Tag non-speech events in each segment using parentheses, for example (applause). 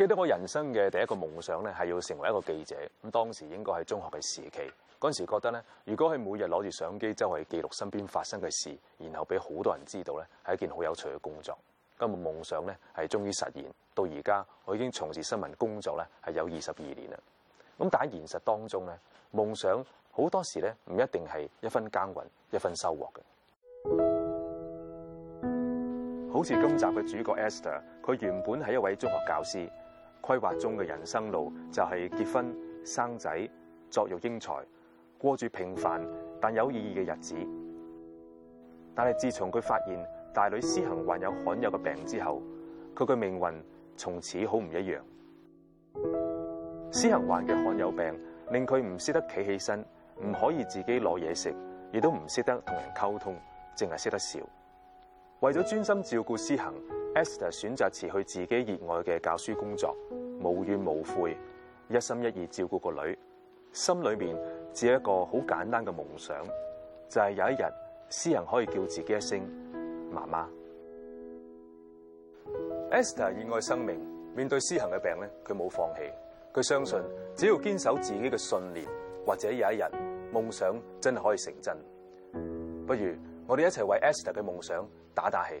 記得我人生嘅第一個夢想咧，係要成為一個記者。咁當時應該係中學嘅時期，嗰陣時覺得咧，如果佢每日攞住相機周圍記錄身邊發生嘅事，然後俾好多人知道咧，係一件好有趣嘅工作。咁個夢想咧係終於實現，到而家我已經從事新聞工作咧，係有二十二年啦。咁但係現實當中咧，夢想好多時咧唔一定係一分耕耘一分收穫嘅。 (music) 好似今集嘅主角 Esther，佢原本係一位中學教師。規劃中嘅人生路就係結婚、生仔、作育英才、過住平凡但有意義嘅日子。但係自從佢發現大女思行患有罕有嘅病之後，佢嘅命運從此好唔一樣。思 (music) 行患嘅罕有病令佢唔識得企起身，唔可以自己攞嘢食，亦都唔識得同人溝通，淨係識得笑。為咗專心照顧思行。Esther 選擇辭去自己熱愛嘅教書工作，無怨無悔，一心一意照顧個女，心裏面只有一個好簡單嘅夢想，就係有一日，思行可以叫自己一聲媽媽。Esther 熱愛生命，面對思行嘅病咧，佢冇放棄，佢相信只要堅守自己嘅信念，或者有一日夢想真係可以成真。不如我哋一齊為 Esther 嘅夢想打打氣。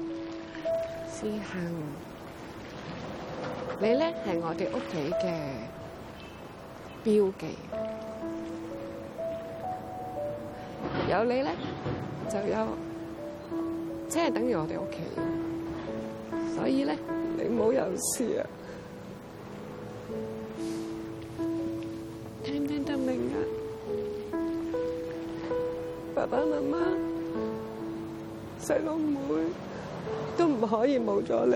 行，你咧係我哋屋企嘅標記，有你咧就有，即係等於我哋屋企，所以咧你冇有事啊？聽唔聽得明啊？爸爸媽媽，細佬妹，都唔可以冇咗你。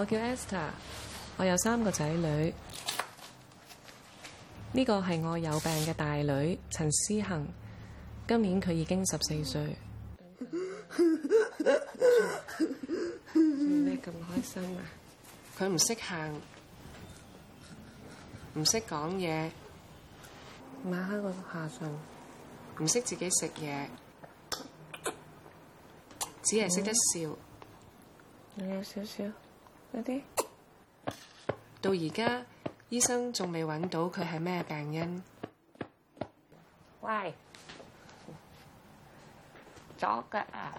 我叫 Esther，我有三個仔女。呢、這個係我有病嘅大女陳思行，今年佢已經十四歲。 (laughs) 做咩咁開心啊？佢唔識行，唔識講嘢，晚黑個下晝，唔識自己食嘢，只係識得笑，嗯、你有少少。到而家，醫生仲未揾到佢係咩病因。喂，左腳啊，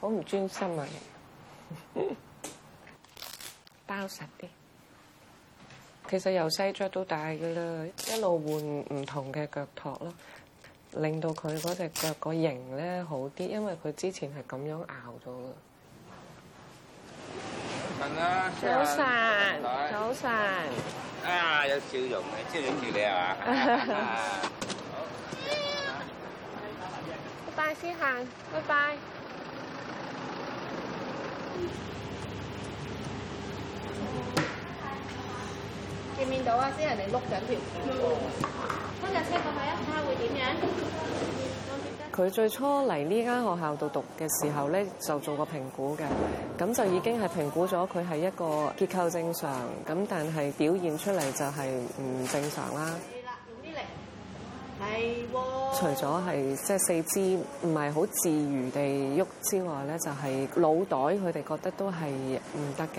好唔專心啊！ (laughs) 包實啲。其實由細着到大噶啦，一路換唔同嘅腳托咯，令到佢嗰隻腳個型咧好啲，因為佢之前係咁樣拗咗噶。早晨，早晨。啊，有笑容嘅，即係影住你係嘛？拜拜，先生，拜拜。見面到啊！啲人哋碌緊條。嗰架車過去啊，睇下會點樣？佢最初嚟呢間學校度讀嘅時候咧，就做過評估嘅，咁就已經係評估咗佢係一個結構正常，咁但係表現出嚟就係唔正常啦。係啦，用啲力，係喎。除咗係即係四肢唔係好自如地喐之外咧，就係腦袋佢哋覺得都係唔得嘅。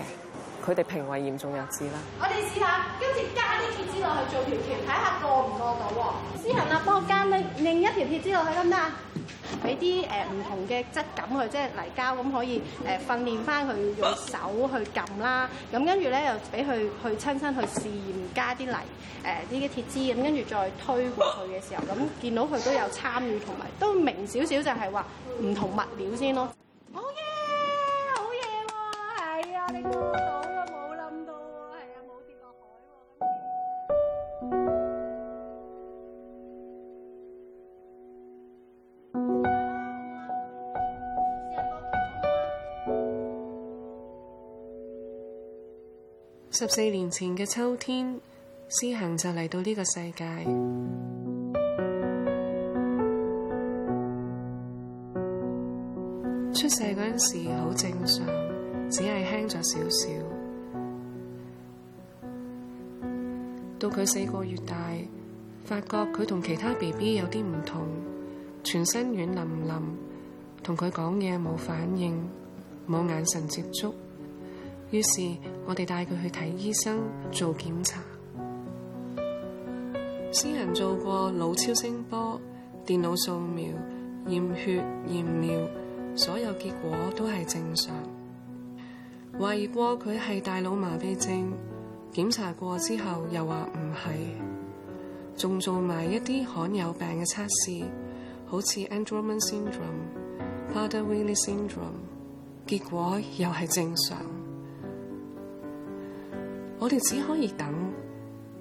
佢哋評為嚴重日子啦！我哋試下，跟住加啲鐵枝落去做條橋，睇下過唔過到喎！思行啊，幫我加啲另一條鐵枝落去得唔得啊？俾啲誒唔同嘅質感去，即係泥膠咁可以誒訓練翻佢用手去撳啦。咁跟住咧又俾佢去親身去試驗加啲泥呢啲嘅鐵枝，咁跟住再推過去嘅時候，咁見到佢都有參與同埋都明少少，就係話唔同物料先咯。好嘢！好嘢喎！係啊，你十四年前嘅秋天，思行就嚟到呢個世界。出世嗰陣時好正常，只係輕咗少少。到佢四個月大，發覺佢同其他 BB 有啲唔同，全身軟腍腍，同佢講嘢冇反應，冇眼神接觸，於是。我哋帶佢去睇醫生做檢查， (noise) 私人做過腦超聲波、電腦掃描、驗血、驗尿，所有結果都係正常。懷疑過佢係大腦麻痹症，檢查過之後又話唔係，仲做埋一啲罕有病嘅測試，好似 Angelman Syndrome、Prader-Willi Syndrome，結果又係正常。我哋只可以等，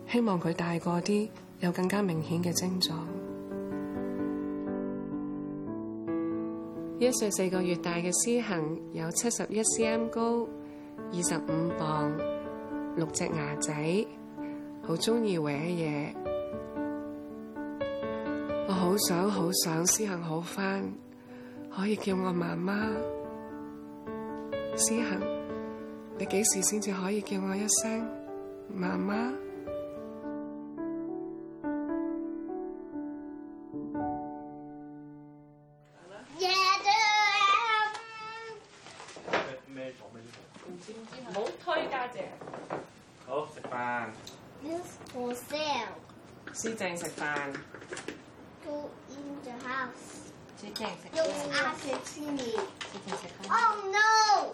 希望佢大個啲，有更加明顯嘅症狀。 (noise) 一歲四個月大嘅思行有七十一 CM 高，二十五磅，六隻牙仔，好中意玩嘢。我好想好想思行好翻，可以叫我媽媽。思行。你幾時先至可以叫我一聲媽媽？咩咩做咩啫？唔好推架住！食飯。Use for sale。思行食飯。Go in the house。思行食。用阿 Sir Jimmy。思行食飯。Oh no！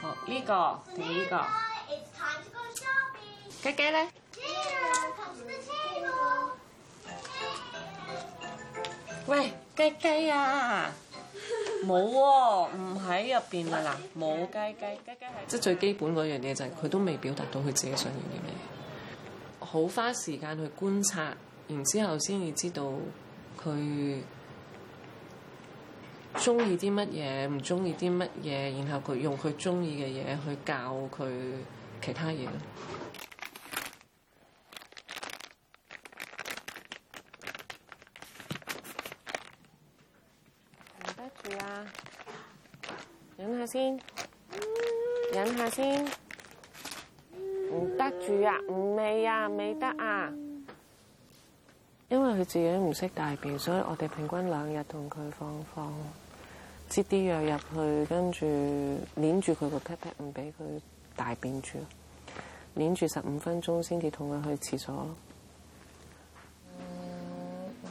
呢、哦這個，第、這、一個。雞雞咧？喂，雞雞啊！冇喎、 (laughs) 哦，唔喺入邊啦嗱，冇雞雞。雞雞即最基本嗰樣嘢就係佢都未表達到佢自己想要嘅咩，好花時間去觀察，然之後先至知道佢。中意啲乜嘢，唔中意啲乜嘢，然後佢用佢中意嘅嘢去教佢其他嘢。唔得住啊！忍下先，忍下先。唔得住啊！唔未啊！未得啊！因為佢自己唔識大便，所以我哋平均兩日同佢放放。擠啲藥入去，跟住捏住佢個屁屁，唔俾佢大便住，捏住十五分鐘先至同佢去廁所。嗯嗯。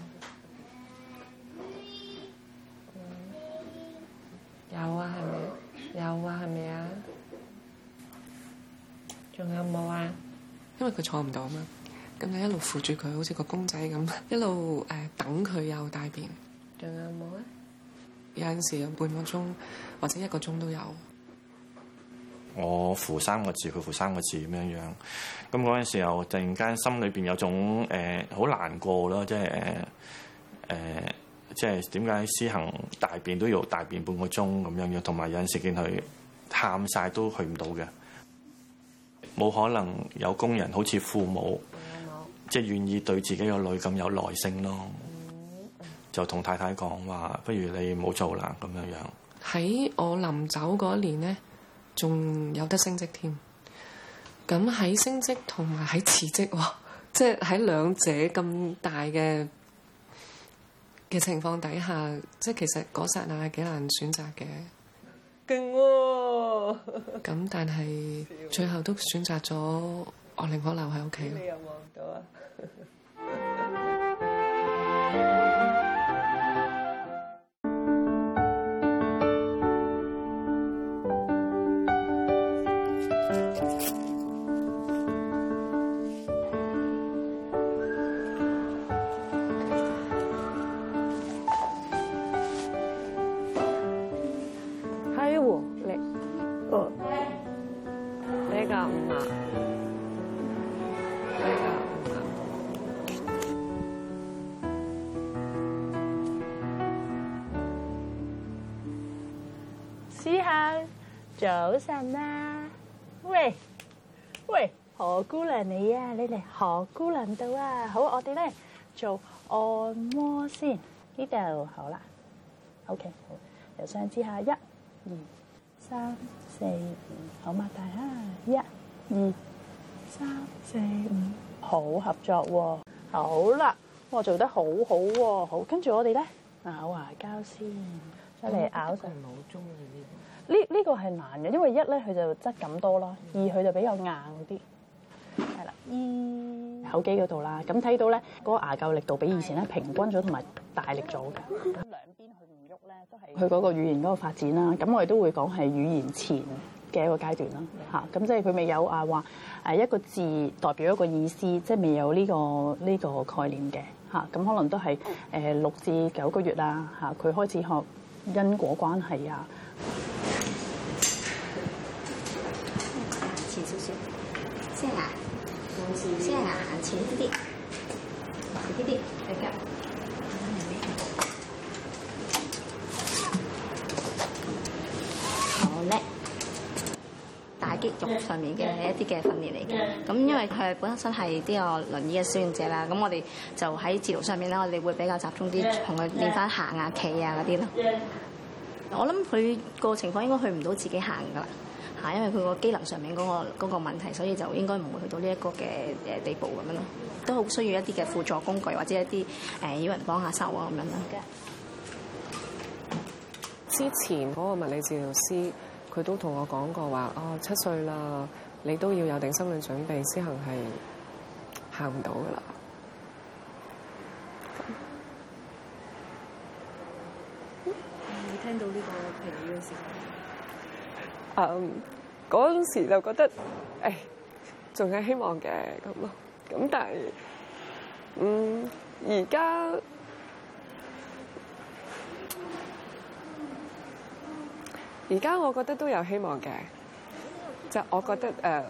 有啊，係咪？有啊，係咪啊？仲有冇啊？因為佢坐唔到嘛，咁你一路扶住佢，好似個公仔咁，一路誒、嗯、等佢有大便。仲有冇啊？有陣時有半個鐘或者一個鐘都有。我扶三個字，佢扶三個字咁樣樣。咁嗰陣時候有突然間心裏邊有種誒好、呃、難過咯，即係誒誒，即係點解思行大便都要大便半個鐘咁樣樣，同埋有陣時見佢喊晒都去唔到嘅，冇可能有工人好似父母，嗯嗯、即係願意對自己個女咁有耐性咯。就同太太講話，不如你唔好做啦咁樣樣。喺我臨走嗰一年咧，仲有得升職添。咁喺升職同埋喺辭職，即喺兩者咁大嘅嘅情況底下，即其實嗰剎那係幾難選擇嘅。勁喎害、哦！咁 (laughs) 但係最後都選擇咗我寧可留喺屋企。你又望到啊？ (laughs) 人啦，喂喂，何姑娘你啊，你嚟何姑娘度啊，好，我哋咧做按摩先，呢度好啦，OK，好，由上至下一，二，三，四，五，好嘛，大家一，二，三，四，五，好合作，好啦，我做得好好，好，跟住我哋咧咬牙膠先，出嚟咬。呢呢個係難嘅，因為一咧佢就質感多啦，二佢就比較硬啲，係啦。二、嗯、口肌嗰度啦，咁睇到咧嗰、那個、牙臼力度比以前咧平均咗，同埋大力咗㗎、嗯。兩邊佢唔喐咧，都係佢嗰個語言嗰個發展啦。咁 (laughs) 我哋都會講係語言前嘅一個階段啦，嚇咁即係佢未有啊話誒一個字代表一個意思，即係未有呢、這個呢、這個概念嘅嚇。咁可能都係誒六至九個月啦，嚇佢開始學因果關係啊。 (laughs) 先行啊，前一啲，前一啲，Thank you. 好叻吧！大肌肉上面嘅一啲嘅訓練嚟嘅。咁 Yeah. 因為佢本身係呢個輪椅嘅使用者啦，咁 Yeah. 我哋就喺治療上面咧，我哋會比較集中啲同佢練翻行下企啊嗰啲咯。我諗佢個情況應該去唔到自己行㗎啦。因為佢個機能上面嗰個嗰個問題，所以就應該唔會去到呢一個嘅誒地步咁樣咯。都好需要一啲嘅輔助工具或者一啲誒要人幫下手啊。咁樣咯嘅。之前嗰個物理治療師佢都同我講過話，哦，七歲啦，你都要有定心理準備，先行係行唔到噶啦。你聽到呢、呢個評語嘅時候？誒嗰陣時就覺得誒仲、哎、有希望嘅咁咯，咁但係嗯，而家而家我覺得都有希望嘅，就我覺得誒、呃、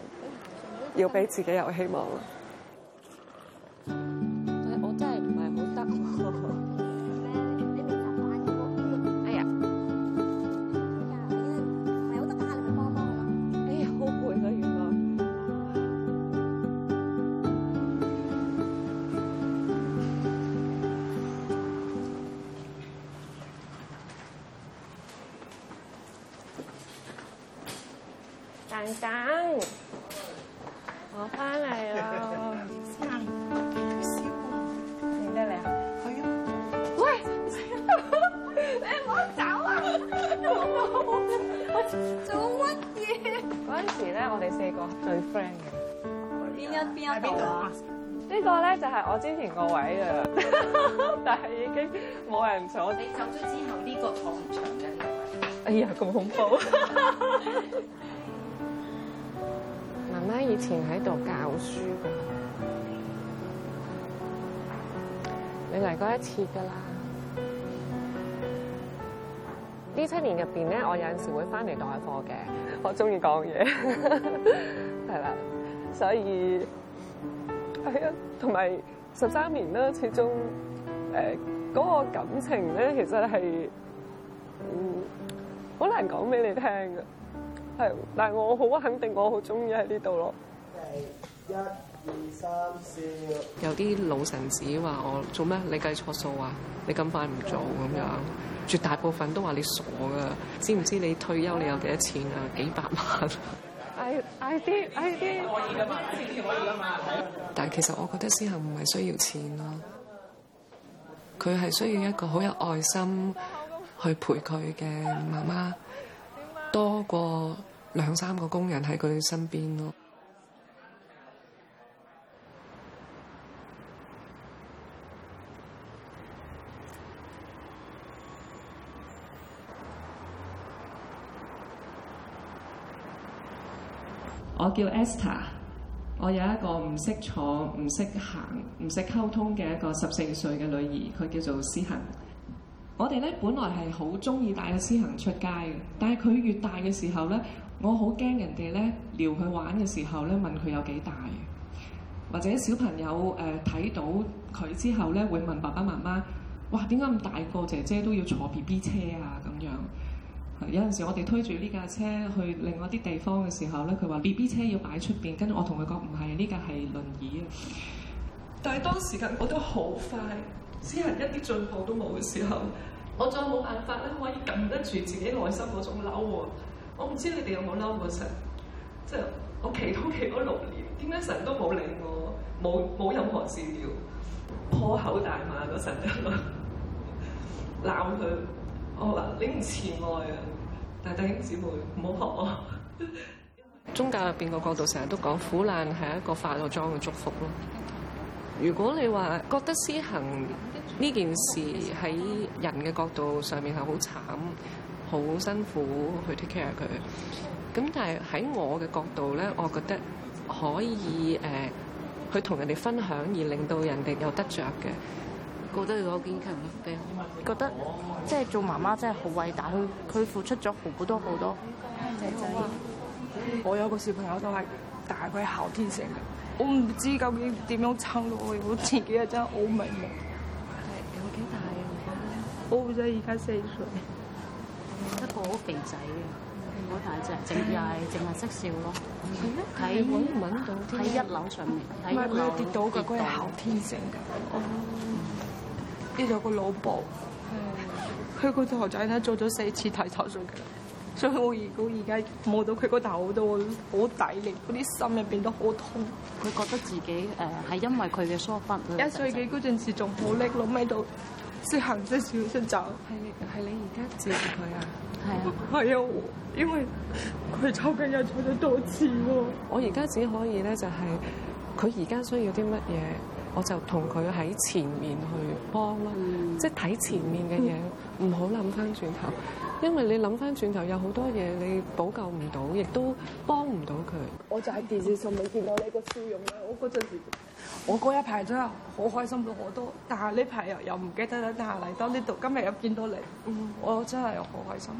要俾自己有希望咯。媽媽以前喺度教書噶，你嚟過一次噶啦。呢七年入邊咧，我有陣時會翻嚟代課嘅，我中意講嘢，係 (laughs) 啦，所以係啊，同埋十三年啦，始終誒嗰、呃嗰個感情咧，其實係好、嗯、難講俾你聽噶。係，但係我好肯定我，1, 2, 3, 我好中意喺呢度咯。係，一、二、三、四。有啲老臣子話我做咩？你計錯數啊？你咁快唔做咁樣？絕大部分都話你傻噶，知唔知你退休你有幾多錢啊？幾百萬、啊？i 嗌啲 i 啲。可以咁嘛。但係其實我覺得思行唔係需要錢咯，佢係需要一個好有愛心去陪佢嘅媽媽多過。兩三個工人喺佢哋身邊咯。我叫 Esther，我有一個唔識坐、唔識行、唔識溝通嘅一個十四歲嘅女兒，佢叫做思行。我哋咧本來係好鍾意帶個思行出街嘅，但係佢越大嘅時候咧。我好驚人哋咧撩佢玩嘅時候咧問佢有幾大，或者小朋友誒睇、呃、到佢之後咧會問爸爸媽媽，哇，點解咁大個姐姐都要坐 B B 車啊？咁樣、嗯、有陣時我哋推住呢架車去另外啲地方嘅時候咧，佢話 B B 車要擺出邊擺出面，跟住我同佢講唔係，呢架係輪椅啊。但係當時間過得好快，先係一啲進步都冇嘅時候，我再冇辦法咧可以撳得住自己內心嗰種嬲我唔知你哋有冇嬲過神。即係我祈禱祈咗六年，點解神都冇理我，冇冇任何治療？破口大罵個神 (laughs) 罵嗰陣，鬧、哦、佢，我話你唔慈愛啊！大弟兄姊妹唔好學我。 (laughs) 宗教入邊個角度成日都講苦難係一個化咗妝嘅祝福咯。如果你話覺得思行呢件事喺人嘅角度上面係好慘。好辛苦去 take care 佢，咁但係喺我嘅角度咧，我覺得可以誒、呃，去同人哋分享而令到人哋有得着嘅，覺得佢好堅強，覺得即係做媽媽真係好偉大，佢佢付出咗好多好多。仔仔是姐，我有個小朋友都係，但係佢係後天性嘅，我唔知究竟點樣撐到我，我自己好己。佢真係好迷茫。係有幾大？我 o 仔而家四歲。好肥仔嘅，唔好大隻，淨係淨係識笑咯。喺揾唔揾到添、啊？喺一樓上面，唔係佢跌到嘅，佢係後天性嘅。跌咗、嗯嗯、個腦部，佢、嗯、個頭仔咧做咗四次頭手術嘅，所以我而我而家摸到佢個頭都好抵力，嗰啲心入面都好痛。佢覺得自己誒係、呃、因為佢嘅疏忽。一歲幾嗰陣時仲好叻咯，咩到、嗯。識行識笑識走。係係你而家照顧佢啊？係對啊，係啊，因為佢抽筋又做咗多次喎、啊。我而家只可以咧，就係佢而家需要啲乜嘢，我就同佢喺前面去幫啦，即係睇前面嘅嘢，唔好諗翻轉頭，因為你諗翻轉頭有好多嘢你補救唔到，亦都幫唔到佢。我就喺電視上未見到你個笑容㗎，我嗰陣時。我嗰一排真係好開心到好多，但係呢排又又唔記得啦。但係嚟到呢度，今日又見到你，嗯，我真係好開心。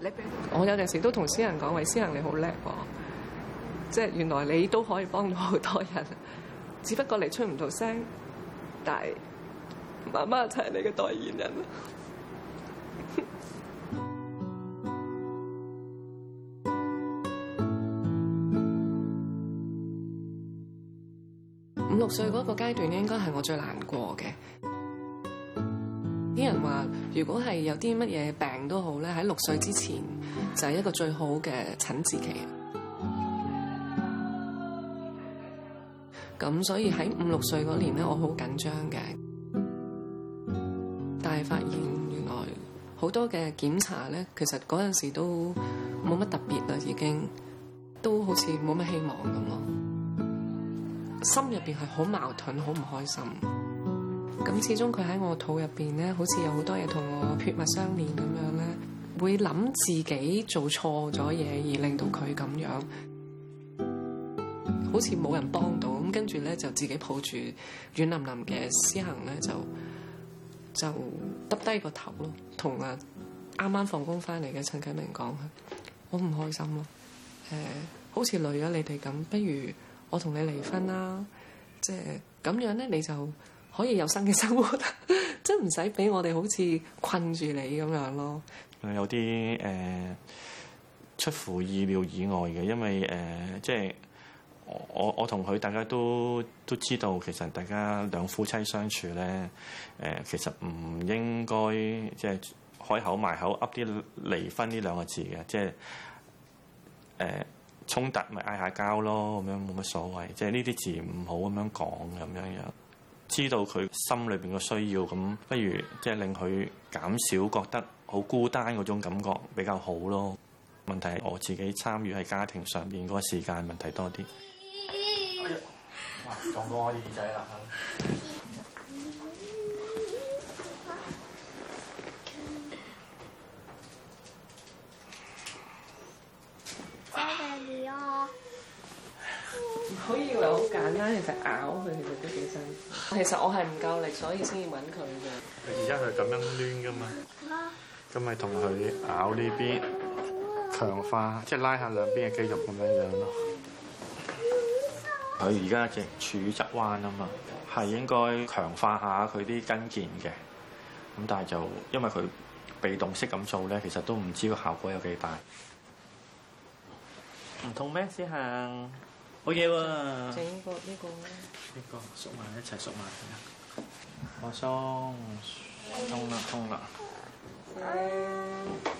你俾我有陣時都同思行講，喂，思行你好叻喎，即係原來你都可以幫到好多人，只不過你出唔到聲，但係媽媽就係你嘅代言人 (laughs) 六歲嗰個階段咧，應該係我最難過嘅。啲人話，如果係有啲乜嘢病都好咧，喺六歲之前就係一個最好嘅診治期。咁所以喺五六歲嗰年咧，我好緊張嘅。但係發現原來好多嘅檢查咧，其實嗰陣時都冇乜特別啦，已經都好似冇乜希望咁咯。心入邊係好矛盾，好唔開心。咁始終佢喺我肚入邊咧，好似有好多嘢同我血脈相連咁樣咧，會諗自己做錯咗嘢，而令到佢咁樣，好似冇人幫到。咁跟住咧就自己抱住軟腍腍嘅思行咧，就就耷低個頭咯，同阿啱啱放工翻嚟嘅陳啟明講，呃，好唔開心咯。誒，好似累咗你哋咁，不如。我同你離婚啦，即係咁樣咧，你就可以有新嘅生活，即係唔使俾我哋好似困住你咁樣咯。有啲誒、呃、出乎意料以外嘅，因為誒、呃、即係我我同佢大家都都知道，其實大家兩夫妻相處咧，誒、呃、其實唔應該即係開口埋口噏啲離婚呢兩個字嘅，即係誒。呃衝突咪嗌下交咯，咁樣冇乜所謂。即係呢啲字唔好咁樣講咁樣樣，知道佢心裏邊嘅需要，咁不如即係令佢減少覺得好孤單嗰種感覺比較好咯。問題係我自己參與喺家庭上面嗰個時間問題多啲。哎呀，撞到我耳仔啦！可以以為好簡單，其實咬佢其實都幾辛苦。 (laughs) 其實我係唔夠力，所以先要搵佢嘅。而家佢咁樣攣噶嘛，咁咪同佢咬呢邊，強化，即係拉下兩邊嘅肌肉咁、就是、樣樣咯。佢而家脊柱側彎啊嘛，係應該強化下佢啲筋腱嘅。咁但係就因為佢被動式咁做咧，其實都唔知個效果有幾大。唔痛咩，思行？好嘢喎！整個呢個呢個縮埋一齊，縮埋，我鬆痛啦痛啦，係啊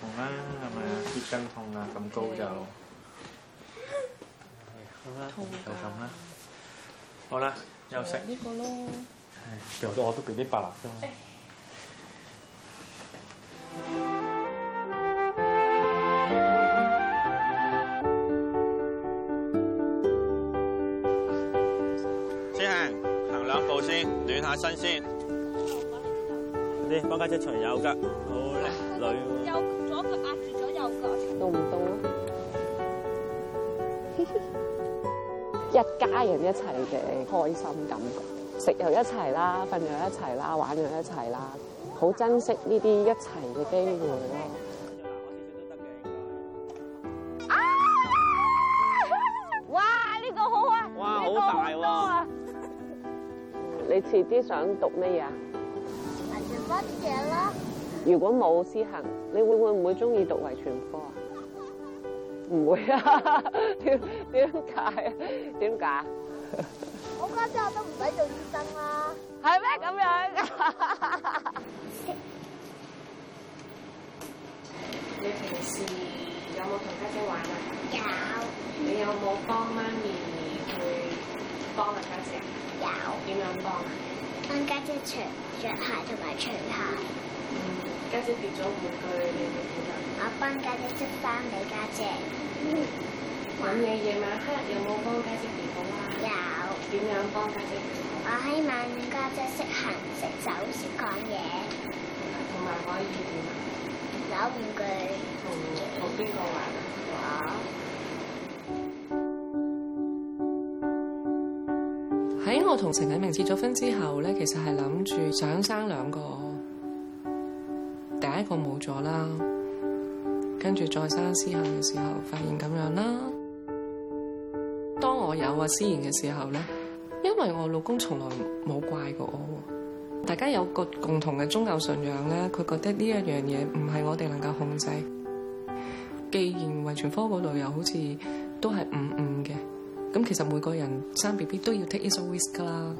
痛啦係咪啊？跌筋痛啊，咁高就係好啦，就咁啦，好啦又食呢個咯，係由得我都俾啲白蠟膏。我家隻長有㗎，好靚女喎。右左腳壓住咗右腳，動唔動啊？一家人一齊嘅開心感覺，食又一齊啦，瞓又一齊啦，玩又一齊啦，好珍惜呢啲一齊嘅機會咯。啊！哇，呢個好啊！哇，好大喎！你遲啲想讀咩嘢啊？嘢啦！如果冇思行，你會會唔會中意讀遺傳科啊？唔 (laughs) 會啊！點 (laughs) 點解，啊？點解，啊？ (laughs) 我家姐我都唔使做醫生啦。係咩咁樣？ (laughs) (laughs) 你平時有冇同家姐玩啊？有。你有冇幫媽咪去幫大家姐？有。點樣幫？幫家姐除着鞋同埋除鞋。嗯，家姐跌咗你佢點啊？我幫家姐執衫俾家姐。嗯。咁你夜晚黑有冇幫家姐照顧啊？有。點樣幫家姐？我希望，家姐識行、識走、識講嘢，同埋可以見有五句。同同邊個玩？我。哇喺、欸、我同陳敏明結咗婚之後咧，其實係諗住想生兩個，第一個冇咗啦，跟住再生思行嘅時候，發現咁樣啦。當我有阿思行嘅時候咧，因為我老公從來冇怪過我，大家有個共同嘅宗教信仰咧，佢覺得呢一樣嘢唔係我哋能夠控制。既然遺傳科嗰度又好似都係五五嘅。咁其實每個人生 BB 都要 take some risk 噶啦，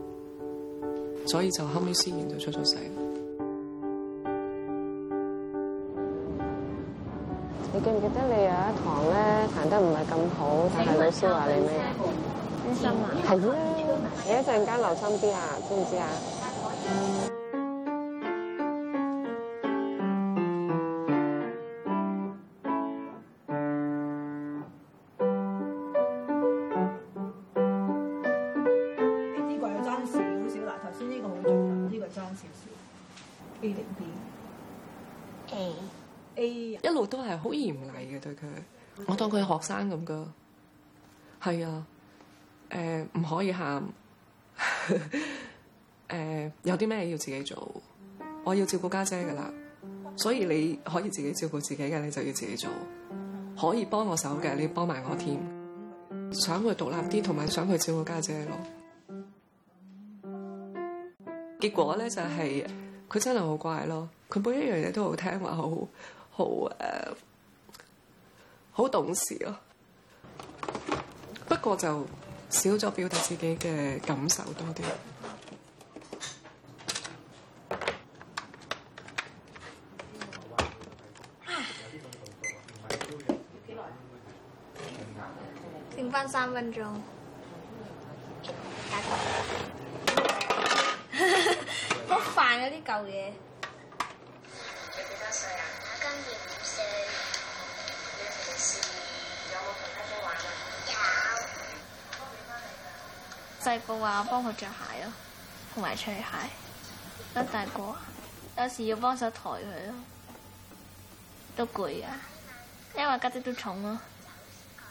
所以就後尾思行就出咗世。你記唔記得你有一堂咧，彈得唔係咁好，但係老師話你咩？謹慎啊！係啦，你一陣間留心啲啊，知唔知啊？A a, a 一路都係好嚴厲嘅對佢，我當佢學生咁噶，係啊，誒、呃、唔可以喊，誒、 (laughs) 呃、有啲咩要自己做，我要照顧家姐噶啦，所以你可以自己照顧自己嘅，你就要自己做，可以幫我手嘅，你要幫埋我添，想佢獨立啲，同埋想佢照顧家姐咯，結果咧就係、是。佢真係好乖咯，佢每一樣嘢都好聽話，好好誒，好、uh，懂事咯。不過就少咗表達自己嘅感受多啲。停翻三分鐘。有啲舊嘢。你幾多歲啊？我今年五歲。你平時有冇同阿哥玩啊？有。細個話幫佢着鞋咯，啊，同埋除鞋。不過大個，有時要幫手抬佢咯，都攰啊，因為家姐、姐都重咯，啊。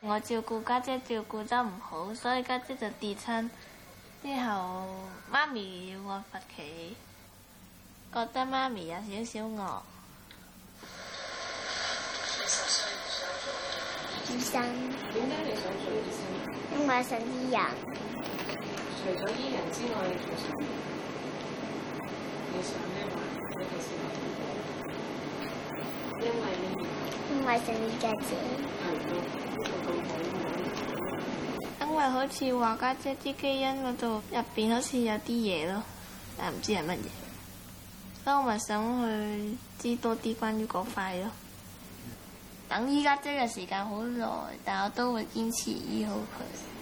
我照顧家姐、姐照顧得唔好，所以家姐、姐就跌親。之後，媽咪要我罰企，覺得媽咪有少少惡。醫生，點解你想做醫生？因為想醫人。除咗醫人之外，你想咩話？我哋先慢慢講。因為想做姐姐。係咯。因為好似話家姐啲基因嗰度入邊好似有啲嘢咯，但唔知係乜嘢，所以我咪想去知多啲關於嗰塊咯。等依家姐嘅時間好耐，但我都會堅持醫好佢。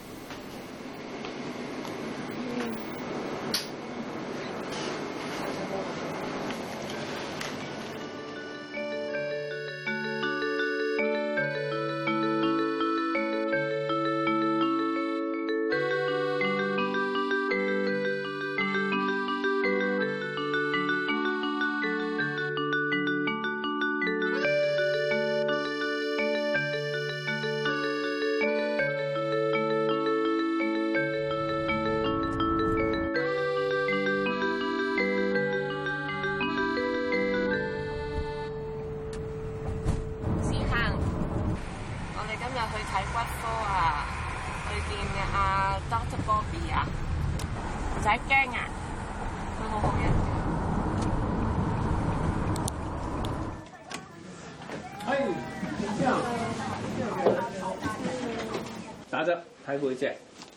睇每隻，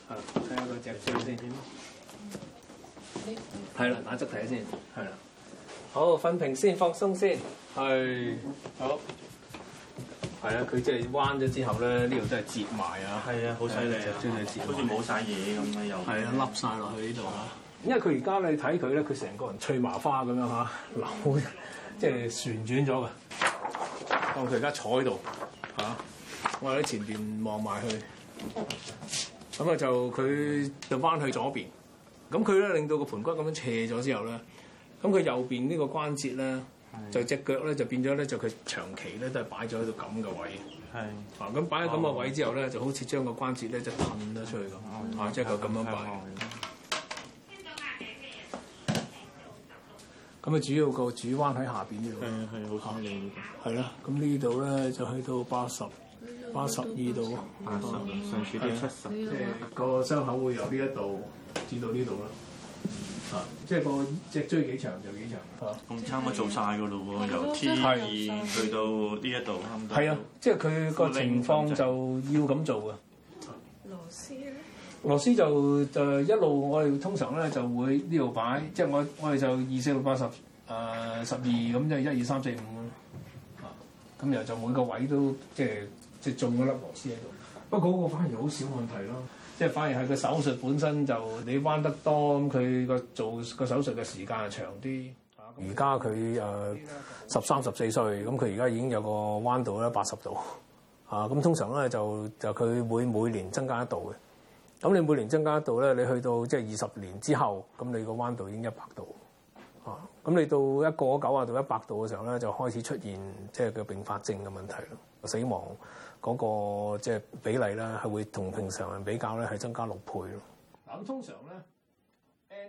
睇下 (noise) 個隻相先點。係啦， (noise) 打側睇先。係啦，好，瞓平先，放鬆先。係，好。係啊，佢即係彎咗之後咧，呢度都係折埋啊。係啊，好犀利啊，真係折，好似冇晒嘢咁啊，又係啊，笠晒落去呢度啊。因為佢而家你睇佢咧，佢成個人脆麻花咁樣嚇，即係旋轉咗嘅。當佢而家坐喺度嚇，我喺前邊望埋佢。咁啊，就佢、是、就、嗯、彎去左邊，咁佢咧令到個盆骨咁樣斜咗之後咧，咁佢右邊呢個關節咧，就隻腳咧就變咗咧，就佢長期咧都係擺咗喺度咁嘅位。係啊，咁擺咗咁嘅位之後咧，就好似將個關節咧就褪咗出去咁。啊，即係佢咁樣擺。咁啊，主要個主彎喺下邊呢度。嗯，好合理。係啦，咁呢度咧就去到八十。八十二度，八十，上次啲七十，即係個傷口會由呢一度至到呢度咯。啊，即係個脊椎追幾長就幾長。啊，咁差唔多做晒㗎咯喎，由 T 二去到呢一度。係啊，即係佢個情況就要咁做啊。螺絲咧？螺絲就就一路，我哋通常咧就會呢度擺，即係我我哋就二四六八十，誒十二咁，即係一二三四五咯。啊，咁然後就每個位都即係。即中嗰粒螺絲喺度，不過嗰個反而好少問題咯。即係反而係個手術本身就你彎得多，咁佢個做個手術嘅時間係長啲。而家佢誒十三十四歲，咁佢而家已經有個彎度咧八十度啊。咁通常咧就就佢會每年增加一度嘅。咁你每年增加一度咧，你去到即係二十年之後，咁你個彎度已經一百度啊。咁你到一個九啊度一百度嘅時候咧，就開始出現即係個併發症嘅問題咯，死亡。嗰個即係比例啦，係會同平常人比較咧，係增加六倍咯。嗱咁通常咧，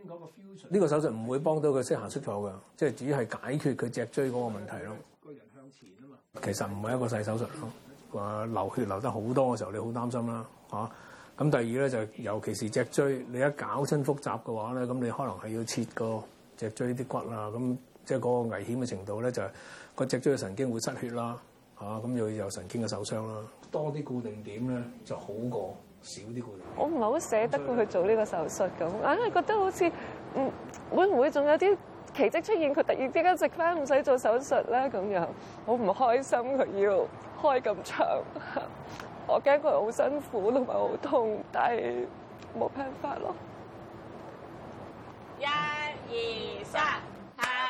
呢個手術唔會幫到佢識行識走嘅，即係只係解決佢脊椎嗰個問題咯。個人向前啊嘛，其實唔係一個細手術咯。話流血流得好多嘅時候，你好擔心啦嚇。咁、啊、第二咧就係、尤其是脊椎，你一搞親複雜嘅話咧，咁你可能係要切個脊椎啲骨啦。咁即係嗰個危險嘅程度咧，就係、係、個脊椎嘅神經會失血啦。啊，咁又要有神經嘅受傷啦，多啲固定點咧，就好過少啲固定。 (noise) 我唔係好捨得佢去做呢個手術咁，硬、嗯、係、嗯、覺得好似唔會唔會仲有啲奇蹟出現，佢突然之間直返唔使做手術咧，咁又好唔開心。佢要開咁長， (laughs) 我驚佢好辛苦同埋好痛，但係冇辦法咯。一、二、三。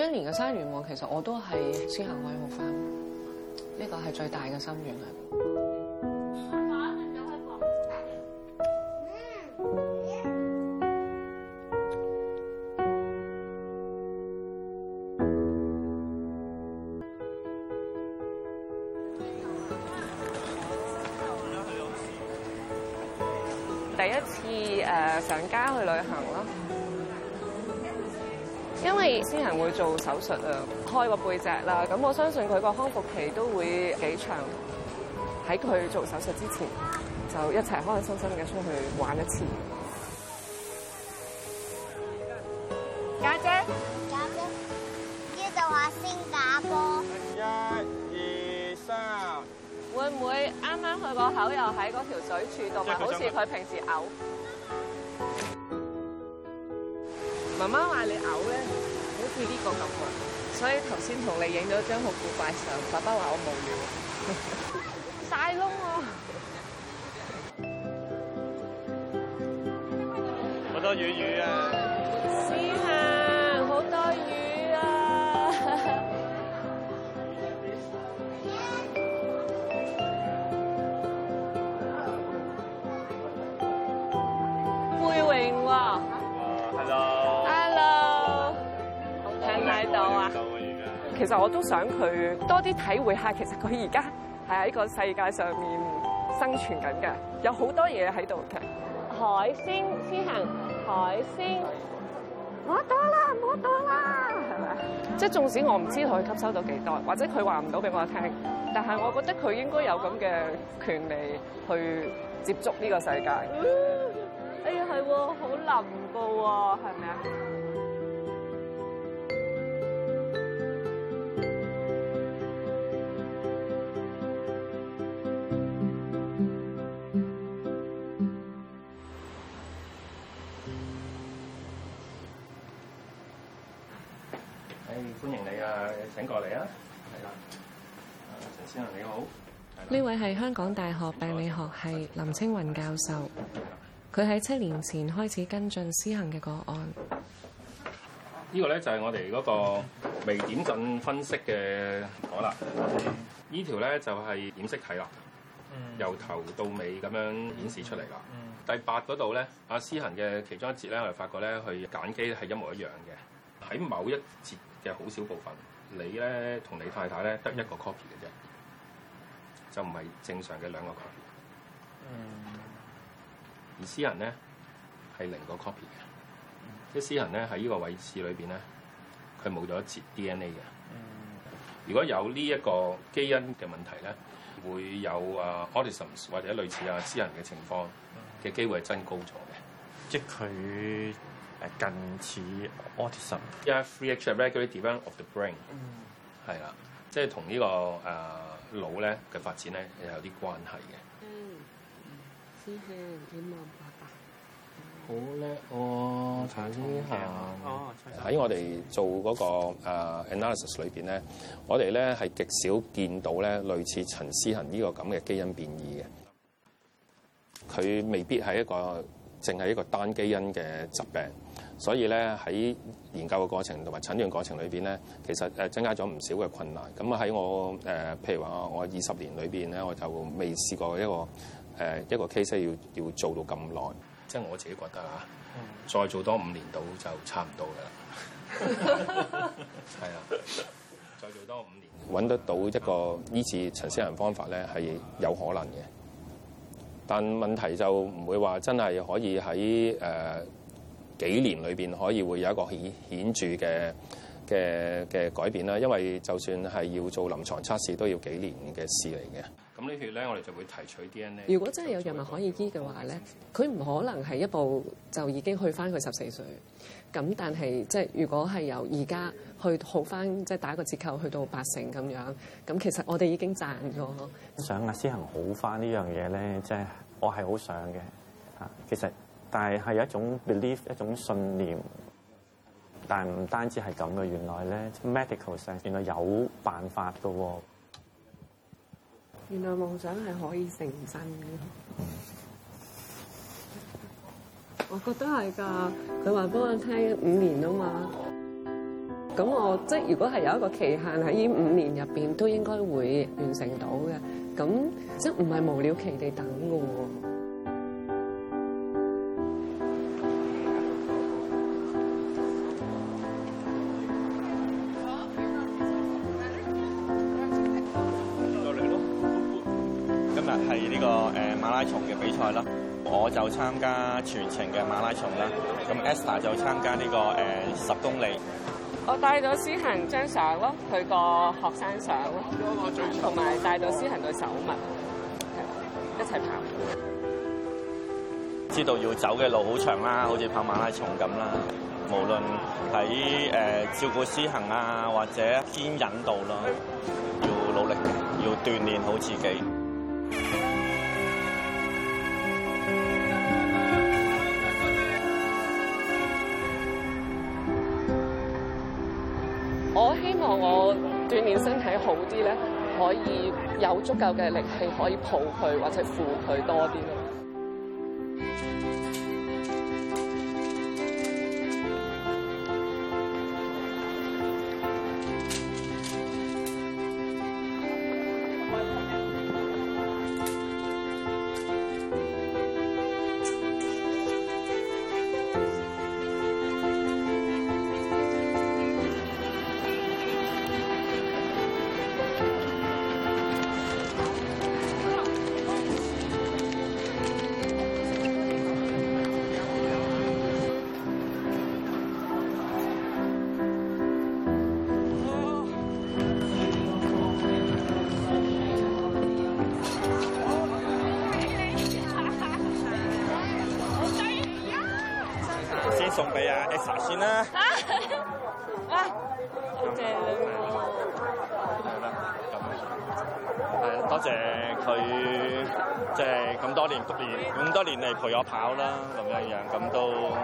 一年嘅生願望，其實我都係思行可以好翻，呢個係最大嘅心願啦。手術啊，開個背脊啦，咁我相信佢個康復期都會幾長。喺佢做手術之前，就一齊開開心心嘅出去玩一次。家姐、姐，家姐、姐，依度話先打波。一、二、三。會唔會啱啱佢個口又喺嗰條水柱度，好似佢平時嘔。媽媽話你嘔咧。似呢個感覺，所以頭先同你影咗張好古怪相，爸爸話我無聊， (laughs) 曬窿喎，好多魚魚啊！ (laughs) (music) 其實我都想佢多啲體會下，其實佢而家係喺呢個世界上面生存緊嘅，有好多嘢喺度嘅。海鮮思行，海鮮，唔好多啦，唔好多啦，係咪啊？即係縱使我唔知佢吸收到幾多，或者佢話唔到俾我聽，但係我覺得佢應該有咁嘅權利去接觸呢個世界。哎呀，係喎，好腍㗎喎，係咪啊？呢位係香港大學病理學系林青雲教授，佢喺七年前開始跟進思行嘅個案。呢個咧就係我哋嗰個微點陣分析嘅圖啦。呢條咧就係染色體啦，由頭到尾咁樣顯示出嚟啦。第八嗰度咧，阿思行嘅其中一節咧，我哋發覺咧佢簡機係一模一樣嘅。喺某一節嘅好少部分，你咧同你太太咧得一個 copy 嘅啫。又唔係正常嘅兩個 copy。嗯。而私人咧係零個 copy 嘅，嗯、即係斯人咧喺呢個位置裏邊咧，佢冇咗一節 DNA 嘅。嗯。如果有呢一個基因嘅問題咧，會有啊、uh, autism 或者類似啊私人嘅情況嘅機、嗯、會係增高咗嘅，即係佢誒近似 autism，因為 free、yeah, area related development of the brain。嗯。係啦，即係同呢、這個誒。Uh, 腦咧嘅發展咧係有啲關係嘅。嗯，思恆幾萬八百。爸爸好叻哦！睇下哦。喺我哋做嗰、嗰個、uh, analysis 裏邊咧，我哋咧係極少見到咧類似陳思行呢個咁嘅基因變異嘅。佢未必係一個淨係一個單基因嘅疾病。所以咧喺研究嘅過程同埋診斷過程裏邊咧，其實誒增加咗唔少嘅困難。咁啊喺我誒、呃，譬如話我二十年裏邊咧，我就未試過一個誒、呃、一個 case 要要做到咁耐。即係我自己覺得啊，mm hmm. 再做多五年到就差唔多㗎啦。係啊，再做多五年。揾得到一個醫治陳思行方法咧係有可能嘅，但問題就唔會話真係可以喺誒。呃幾年裏邊可以會有一個顯顯著嘅嘅嘅改變啦，因為就算係要做臨床測試，都要幾年嘅事嚟嘅。咁呢血咧，我哋就會提取 DNA。如果真係有藥物可以醫嘅話咧，佢唔 (noise) 可能係一步就已經去翻佢十四歲。咁但係即係如果係由而家去好翻，即係打個折扣去到八成咁樣，咁其實我哋已經賺咗。想阿思行好翻呢樣嘢咧，即係我係好想嘅。嚇、啊，其實。但係係一種 belief，一種信念。但係唔單止係咁嘅，原來咧 medical 上原來有辦法嘅喎。原來夢想係可以成真嘅。嗯、我覺得係㗎。佢話幫我聽五年啊嘛。咁我即係如果係有一個期限喺呢五年入邊，都應該會完成到嘅。咁即係唔係無了期地等嘅喎。係呢個誒馬拉松嘅比賽啦，我就參加全程嘅馬拉松啦。咁 Esther 就參加呢、這個誒十、呃、公里。我帶咗思行張相咯，佢個學生相，同埋帶到思行對手襪，一齊跑。知道要走嘅路好長啦，好似跑馬拉松咁啦。無論喺誒、呃、照顧思行啊，或者牽引度咯，要努力，要鍛鍊好自己。有足夠嘅力氣可以抱佢或者扶佢多啲。送俾阿 Elsa 先啦、啊。啊！多謝你喎。咁、 (laughs) 嗯，係、嗯、啊、嗯，多謝佢即係咁多年，咁 (laughs) 多年嚟陪我跑啦，咁樣樣，咁都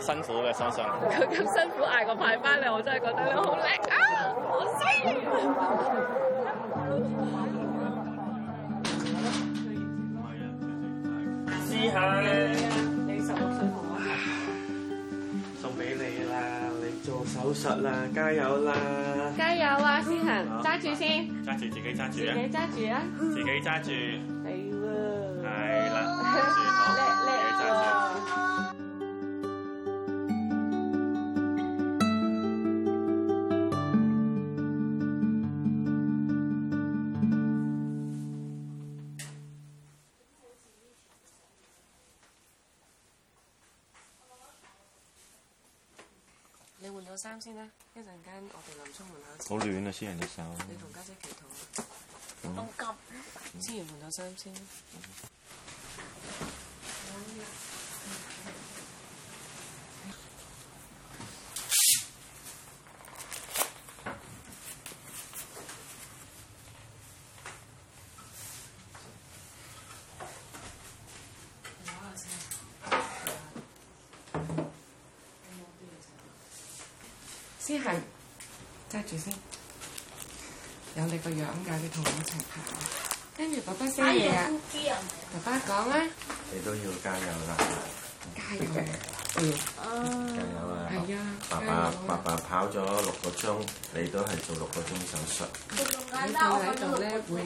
誒辛苦嘅身上。佢咁辛苦嗌個牌返嚟，我真係覺得你好叻啊，好犀利啊！ (laughs) (laughs) 試下。老實啦，加油啦！加油啊，思行，揸住好先！揸住自己揸住啊！自己揸住啊！自己揸住、啊！係喎，係啦， (laughs) (laughs) 好。你換套衫先啦，一陣間我哋臨出門口。好亂啊，先人隻手。你同家姐，姐祈禱。急、嗯，先完換套衫、嗯、先。講啦、啊，你都要加油啦，加油，加油啊！係、嗯、啊，啊哎、呀爸爸、啊、爸爸跑咗六個鐘，你都係做六個鐘手術。咁佢喺度咧，會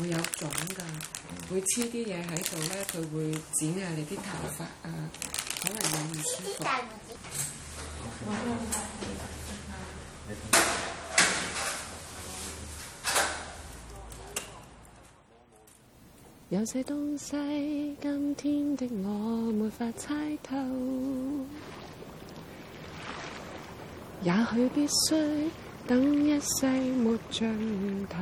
會有腫㗎，嗯、會黐啲嘢喺度咧，佢會剪下你啲頭髮、嗯、啊，可能有啲唔舒服。嗯嗯。有些東西，今天的我沒法猜透，也許必須等一世沒盡頭。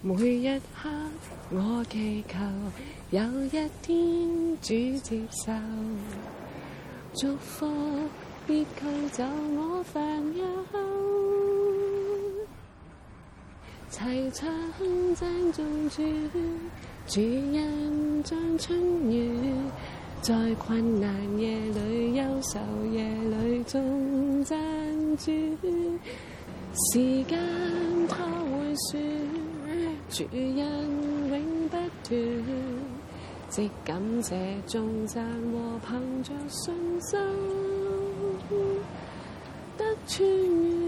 每一刻，我祈求有一天主接受，祝福別驅走我煩憂。齊唱讚主，主恩像春雨，在困難夜裏憂愁夜裏頌讚主。時間它會說，主恩永不斷。只感謝眾讚和憑着信心得穿越。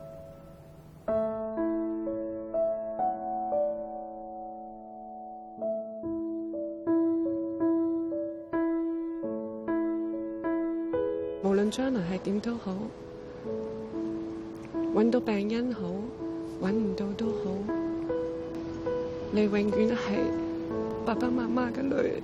無論將來係點都好，揾到病因好，揾唔到都好，你永遠係爸爸媽媽嘅女。